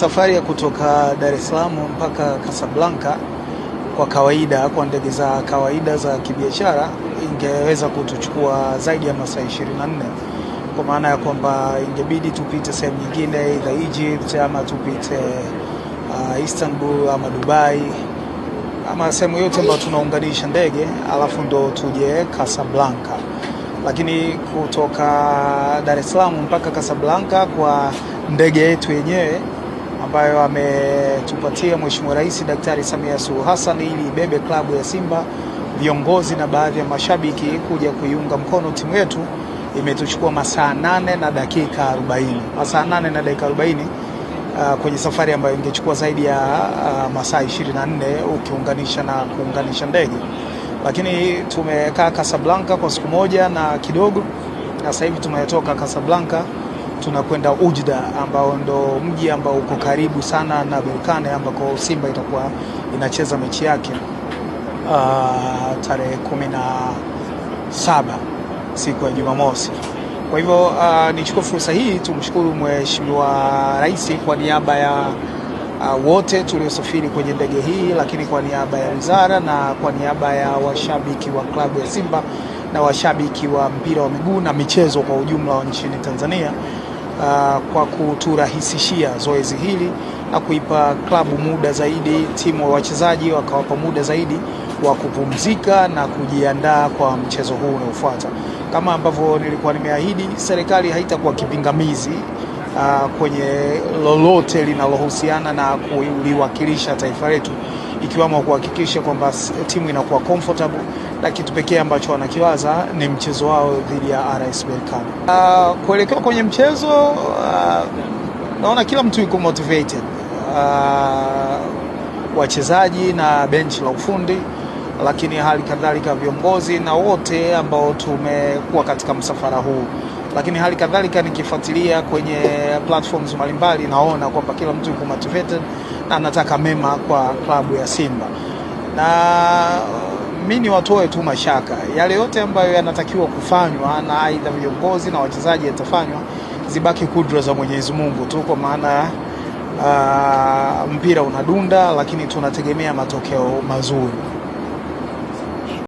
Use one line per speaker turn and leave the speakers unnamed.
safari ya kutoka Dar es Salaam mpaka Casablanca kwa kawaida, kwa ndege za kawaida za kibiashara ingeweza kutuchukua zaidi ya masaa 24 kwa maana ya kwamba ingebidi tupite sehemu nyingine, either Egypt ama tupite uh, Istanbul ama Dubai ama sehemu yote ambayo tunaunganisha ndege alafu ndo tuje Casablanca. Lakini kutoka Dar es Salaam mpaka Casablanca kwa ndege yetu yenyewe ambayo ametupatia Mheshimiwa Rais Daktari Samia Suluhu Hassan ili ibebe klabu ya Simba, viongozi na baadhi ya mashabiki kuja kuiunga mkono timu yetu, imetuchukua masaa nane na dakika 40, masaa nane na dakika 40 uh, ah, kwenye safari ambayo ingechukua zaidi ya uh, masaa 24 ukiunganisha na kuunganisha ndege, lakini tumekaa Casablanca kwa siku moja na kidogo, na sasa hivi tumetoka Casablanca tunakwenda Ujda ambao ndo mji ambao uko karibu sana na Berkane ambako Simba itakuwa inacheza mechi yake uh, tarehe kumi na saba siku ya Jumamosi. Kwa hivyo uh, nichukue fursa hii tumshukuru Mheshimiwa Rais kwa niaba ya uh, wote tuliosafiri kwenye ndege hii, lakini kwa niaba ya wizara na kwa niaba ya washabiki wa klabu ya Simba na washabiki wa mpira wa miguu na michezo kwa ujumla wa nchini Tanzania uh, kwa kuturahisishia zoezi hili na kuipa klabu muda zaidi, timu wa wachezaji wakawapa muda zaidi wa kupumzika na kujiandaa kwa mchezo huu unaofuata. Kama ambavyo nilikuwa nimeahidi, serikali haitakuwa kipingamizi uh, kwenye lolote linalohusiana na kuliwakilisha taifa letu, ikiwamo kuhakikisha kwamba timu inakuwa comfortable, na kitu pekee ambacho wanakiwaza ni mchezo wao dhidi ya RS Berkane. Uh, kuelekea kwenye mchezo uh, naona kila mtu yuko motivated uh, wachezaji na benchi la ufundi lakini hali kadhalika viongozi na wote ambao tumekuwa katika msafara huu lakini hali kadhalika nikifuatilia kwenye platforms mbalimbali naona kwamba kila mtu yuko motivated na anataka mema kwa klabu ya Simba, na mi watoe tu mashaka yale yote ambayo yanatakiwa kufanywa na aidha viongozi na wachezaji yatafanywa, zibaki kudra za Mwenyezi Mungu tu, kwa maana uh, mpira unadunda, lakini tunategemea matokeo mazuri.